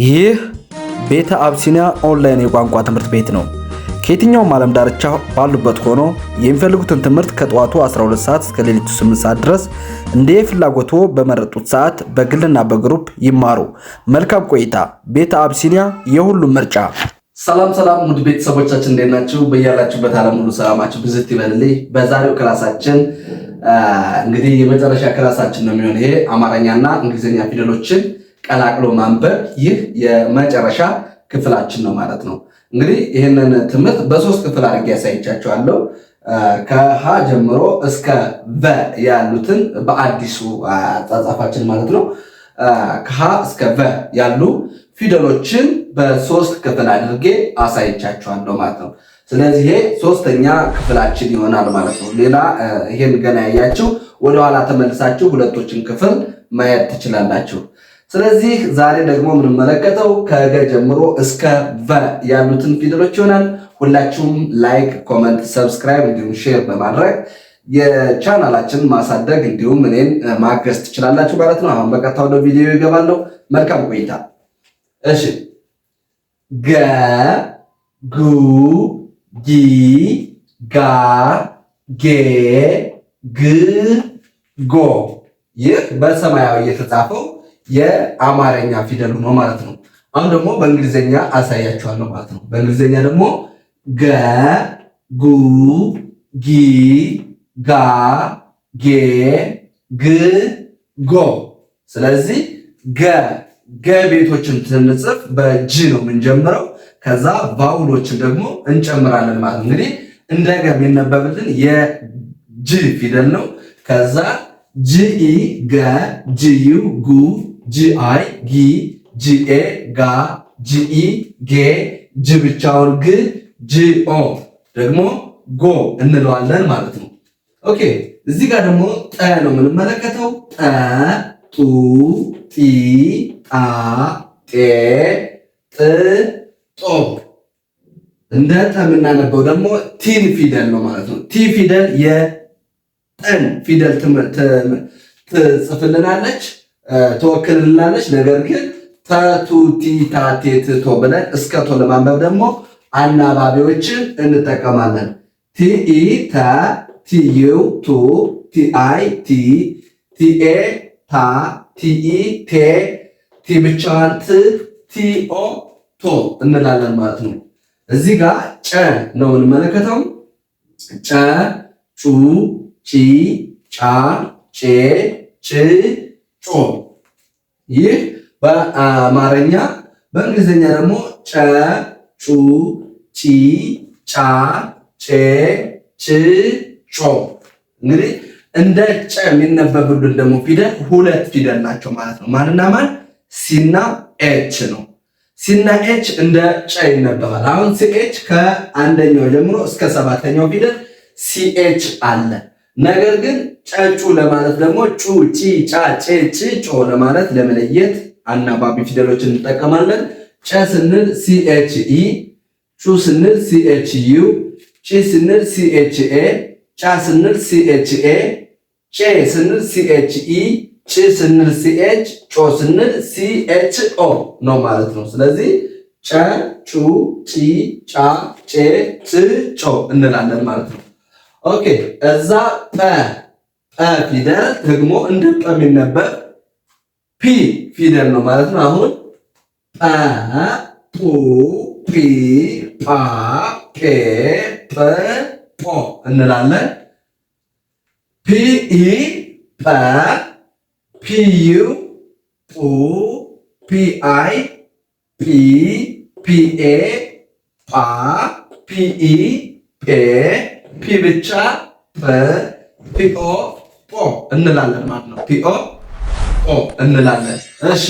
ይህ ቤተ አብሲኒያ ኦንላይን የቋንቋ ትምህርት ቤት ነው። ከየትኛውም ዓለም ዳርቻ ባሉበት ሆኖ የሚፈልጉትን ትምህርት ከጠዋቱ 12 ሰዓት እስከ ሌሊቱ 8 ሰዓት ድረስ እንደ የፍላጎቶ በመረጡት ሰዓት በግልና በግሩፕ ይማሩ። መልካም ቆይታ። ቤተ አብሲኒያ የሁሉም ምርጫ። ሰላም ሰላም፣ ውድ ቤተሰቦቻችን እንዴት ናችሁ? በያላችሁበት ዓለም ሁሉ ሰላማችሁ ብዝት ይበልልኝ። በዛሬው ክላሳችን እንግዲህ የመጨረሻ ክላሳችን ነው የሚሆን ይሄ አማርኛና እንግሊዝኛ ፊደሎችን ቀላቅሎ ማንበብ ይህ የመጨረሻ ክፍላችን ነው ማለት ነው። እንግዲህ ይህንን ትምህርት በሶስት ክፍል አድርጌ ያሳይቻቸዋለሁ። ከሀ ጀምሮ እስከ ቨ ያሉትን በአዲሱ አጻጻፋችን ማለት ነው። ከሀ እስከ ቨ ያሉ ፊደሎችን በሶስት ክፍል አድርጌ አሳይቻቸዋለሁ ማለት ነው። ስለዚህ ይሄ ሶስተኛ ክፍላችን ይሆናል ማለት ነው። ሌላ ይሄን ገና ያያችሁ ወደኋላ ተመልሳችሁ ሁለቶችን ክፍል ማየት ትችላላችሁ። ስለዚህ ዛሬ ደግሞ የምንመለከተው ከገ ጀምሮ እስከ ቨ ያሉትን ፊደሎች ይሆናል። ሁላችሁም ላይክ፣ ኮመንት፣ ሰብስክራይብ እንዲሁም ሼር በማድረግ የቻናላችንን ማሳደግ እንዲሁም እኔን ማገዝ ትችላላችሁ ማለት ነው። አሁን በቀጥታ ወደ ቪዲዮ ይገባለሁ። መልካም ቆይታ። እሺ ገ ጉ ጊ ጋ ጌ ግ ጎ ይህ በሰማያዊ የተጻፈው የአማርኛ ፊደል ነው ማለት ነው። አሁን ደግሞ በእንግሊዝኛ አሳያችኋለሁ ማለት ነው። በእንግሊዝኛ ደግሞ ገ፣ ጉ፣ ጊ፣ ጋ፣ ጌ፣ ግ፣ ጎ። ስለዚህ ገ ገ ቤቶችን ስንጽፍ በጂ ነው የምንጀምረው። ከዛ ባውሎችን ደግሞ እንጨምራለን ማለት ነው። እንግዲህ እንደገ የሚነበብልን የጂ ፊደል ነው። ከዛ ጂኢ ገ ጂዩ ጉ ጂአይ ጊ ጂኤ ጋ ጂኢ ጌ ጅ ብቻውን ግ ጂኦ ደግሞ ጎ እንለዋለን ማለት ነው። ኦኬ እዚህ ጋር ደግሞ ጠ ነው የምንመለከተው። ጠ ጡ ጢ ጣ ጤ ጥ ጦ እንደ ጠ የምናነበው ደግሞ ቲን ፊደል ነው ማለት ነው። ቲ ፊደል የጠን ፊደል ትጽፍልናለች። ተወክልልናለች። ነገር ግን ተቱቲታቴትቶ ብለን እስከ ቶ ለማንበብ ደግሞ አናባቢዎችን እንጠቀማለን። ቲኢ ተ ቲዩ ቱ ቲአይ ቲ ቲኤ ታ ቲኢ ቴ ቲ ብቻዋን ት ቲኦ ቶ እንላለን ማለት ነው። እዚህ ጋር ጨ ነው የምንመለከተው። ጨ ጩ ጪ ጫ ጬ ጭ ጮ። ይህ በአማርኛ በእንግሊዝኛ ደግሞ ጨ፣ ጩ፣ ጪ፣ ጫ፣ ጬ፣ ጭ፣ ጮ። እንግዲህ እንደ ጨ የሚነበብልን ደግሞ ፊደል ሁለት ፊደል ናቸው ማለት ነው። ማንና ማን? ሲና ኤች ነው። ሲና ኤች እንደ ጨ ይነበባል። አሁን ሲኤች ከአንደኛው ጀምሮ እስከ ሰባተኛው ፊደል ሲኤች አለ። ነገር ግን ጨጩ ለማለት ደግሞ ጩ፣ ጪ፣ ጫ፣ ጬ፣ ጭ፣ ጮ ለማለት ለመለየት አናባቢ ፊደሎችን እንጠቀማለን። ጨ ስንል ሲኤች ኢ፣ ጩ ስንል ሲኤች ዩ፣ ጪ ስንል ሲኤች ኤ፣ ጫ ስንል ሲኤች ኤ፣ ጬ ስንል ሲኤች ኢ፣ ጭ ስንል ሲኤች፣ ጮ ስንል ሲኤች ኦ ነው ማለት ነው። ስለዚህ ጨ፣ ጩ፣ ጪ፣ ጫ፣ ጬ፣ ጭ፣ ጮ እንላለን ማለት ነው። ኦኬ እዛ ጠ ጠ ፊደል ደግሞ እንደ ጠ የሚነበብ ፒ ፊደል ነው ማለት ነው። አሁን ጠ ጡ ጲ ጳ ጴ ጥ ጶ እንላለን። ፒ ኢ ጰ ፒ ዩ ጡ ፒ አይ ጲ ፒ ኤ ጳ ፒ ኢ ጴ ፒ ብቻ ፒኦ ኦ እንላለን ማለት ነው። ፒኦ ኦ እንላለን። እሺ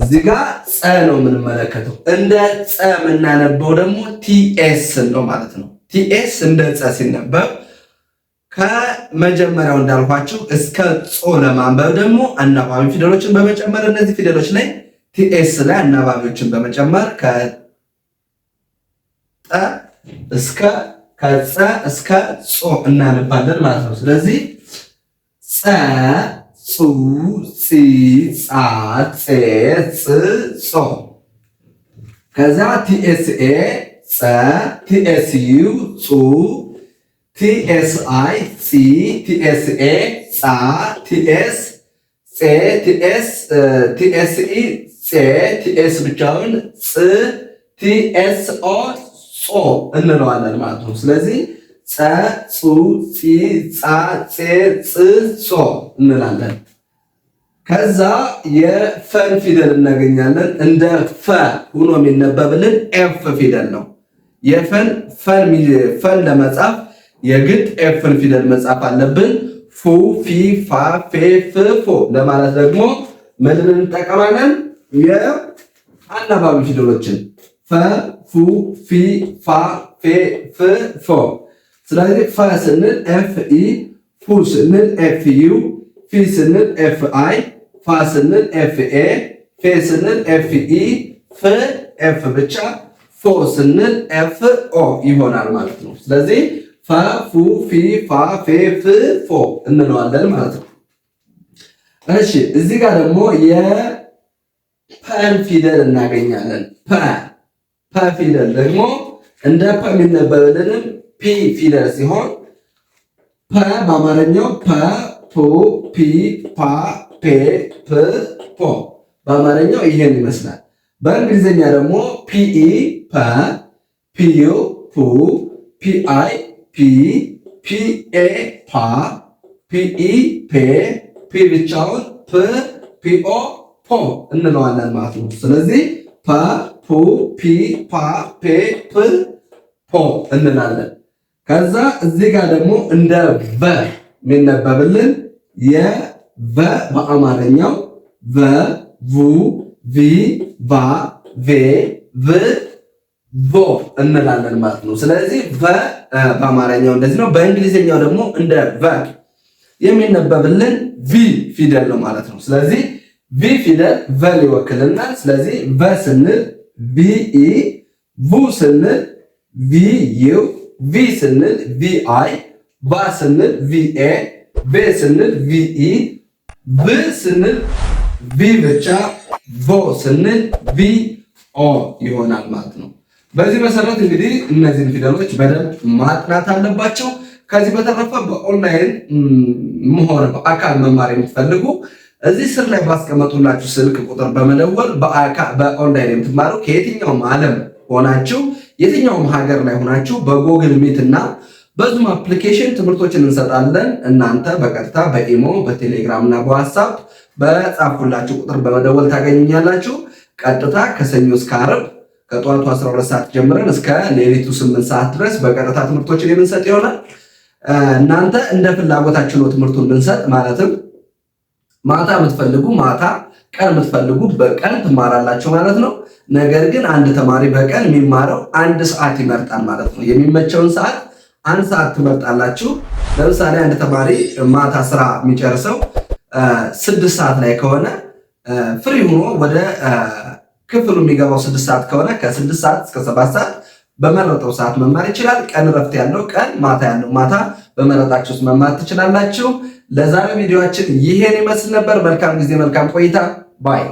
እዚህ ጋር ፀ ነው የምንመለከተው። እንደ ፀ የምናነበው ደግሞ ቲኤስ ነው ማለት ነው። ቲኤስ እንደ ፀ ሲነበብ ከመጀመሪያው እንዳልኳቸው እስከ ጾ ለማንበብ ደግሞ አናባቢ ፊደሎችን በመጨመር እነዚህ ፊደሎች ላይ ቲኤስ ላይ አናባቢዎችን በመጨመር ከጠ እስከ ከፀ እስከ ጾ እናነባለን ማለት ነው። ስለዚህ ፀ ጹ ፂ ጻ ፄ ፅ ጾ ከዛ ቲኤስኤ ፀ ቲኤስዩ ፁ ቲኤስአይ ፂ ቲኤስኤ ፃ ቲኤስ ፄ ቲኤስ ቲኤስኢ ፄ ቲኤስ ብቻውን ፅ ቲኤስኦ ጾ እንለዋለን ማለት ነው። ስለዚህ ጸ ጹ ጺ ጻ ፄ ጽ ጾ እንላለን። ከዛ የፈን ፊደል እናገኛለን። እንደ ፈ ሆኖ የሚነበብልን ኤፍ ፊደል ነው። የፈን ፈን ለመጻፍ የግድ ኤፍን ፊደል መጻፍ አለብን። ፉ ፊ ፋ ፌ ፍ ፎ ለማለት ደግሞ ምንን እንጠቀማለን? የአናባቢ ፊደሎችን ፈ ፉ ፊ ፋ ፌ ፍ ፎ። ስለዚህ ፈ ስንል ኤፍ ኢ፣ ፉ ስንል ኤፍ ዩ፣ ፊ ስንል ኤፍ አይ፣ ፋ ስንል ኤፍ ኤ፣ ፌ ስንል ኤፍ ኢ፣ ፍ ኤፍ ብቻ፣ ፎ ስንል ኤፍ ኦ ይሆናል ማለት ነው። ስለዚህ ፈ ፉ ፊ ፋ ፌ ፍ ፎ እንለዋለን ማለት ነው። እሺ እዚህ ጋር ደግሞ የፐን ፊደል እናገኛለን ፐ ፐ ፊደል ደግሞ እንደ ፐ የሚነበብልንም ፒ ፊደል ሲሆን ፐ በአማርኛው ፐ ፑ ፒ ፓ ፔ ፕ ፖ በአማርኛው ይሄን ይመስላል። በእንግሊዝኛ ደግሞ ፒኢ ፐ ፒዩ ፑ ፒአይ ፒ ፒኤ ፓ ፒኢ ፔ ፒ ብቻውን ፕ ፒኦ ፖ እንለዋለን ማለት ነው። ስለዚህ ፓ ፑ ፒ ፓ ፔ ፕ ፖ እንላለን። ከዛ እዚህ ጋር ደግሞ እንደ ቨ የሚነበብልን የቨ በአማርኛው ቨ ቡ ቪ ቫ ቬ ቭ ቮ እንላለን ማለት ነው። ስለዚህ ቨ በአማርኛው እንደዚህ ነው። በእንግሊዝኛው ደግሞ እንደ ቨ የሚነበብልን ቪ ፊደል ነው ማለት ነው። ስለዚህ ቪ ፊደል ቨ ይወክልናል። ስለዚህ ቨ ስንል ቪ ኢ ቡ ስንል ቪ ዩ ቪ ስንል ቪአይ ባ ስንል ቪኤ ቤ ስንል ቪኢ ብ ስንል ቪ ብቻ ቦ ስንል ኦ ይሆናል ማለት ነው። በዚህ መሰረት እንግዲህ እነዚህን ፊደሎች በደንብ ማጥናት አለባቸው። ከዚህ በተረፈ በኦንላይን መሆን በአካል መማር የምትፈልጉ እዚህ ስር ላይ ባስቀመጡላችሁ ስልክ ቁጥር በመደወል በኦንላይን የምትማሩ ከየትኛውም ዓለም ሆናችሁ የትኛውም ሀገር ላይ ሆናችሁ በጎግል ሚት እና በዙም አፕሊኬሽን ትምህርቶችን እንሰጣለን። እናንተ በቀጥታ በኢሞ በቴሌግራም እና በዋትሳፕ በጻፍኩላችሁ ቁጥር በመደወል ታገኙኛላችሁ። ቀጥታ ከሰኞ እስከ ዓርብ ከጠዋቱ 12 ሰዓት ጀምረን እስከ ሌሊቱ 8 ሰዓት ድረስ በቀጥታ ትምህርቶችን የምንሰጥ ይሆናል። እናንተ እንደ ፍላጎታችን ነው ትምህርቱን ብንሰጥ ማለትም ማታ የምትፈልጉ ማታ፣ ቀን የምትፈልጉ በቀን ትማራላችሁ ማለት ነው። ነገር ግን አንድ ተማሪ በቀን የሚማረው አንድ ሰዓት ይመርጣል ማለት ነው። የሚመቸውን ሰዓት አንድ ሰዓት ትመርጣላችሁ። ለምሳሌ አንድ ተማሪ ማታ ስራ የሚጨርሰው ስድስት ሰዓት ላይ ከሆነ ፍሪ ሆኖ ወደ ክፍሉ የሚገባው ስድስት ሰዓት ከሆነ ከስድስት ሰዓት እስከ ሰባት ሰዓት በመረጠው ሰዓት መማር ይችላል። ቀን እረፍት ያለው ቀን፣ ማታ ያለው ማታ በመረጣችሁ ውስጥ መማር ትችላላችሁ። ለዛሬ ቪዲዮአችን ይሄን ይመስል ነበር። መልካም ጊዜ፣ መልካም ቆይታ ባይ